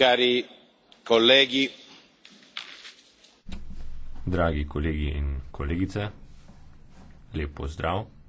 cari colleghi draghi colleghi in colleghi lepo zdrav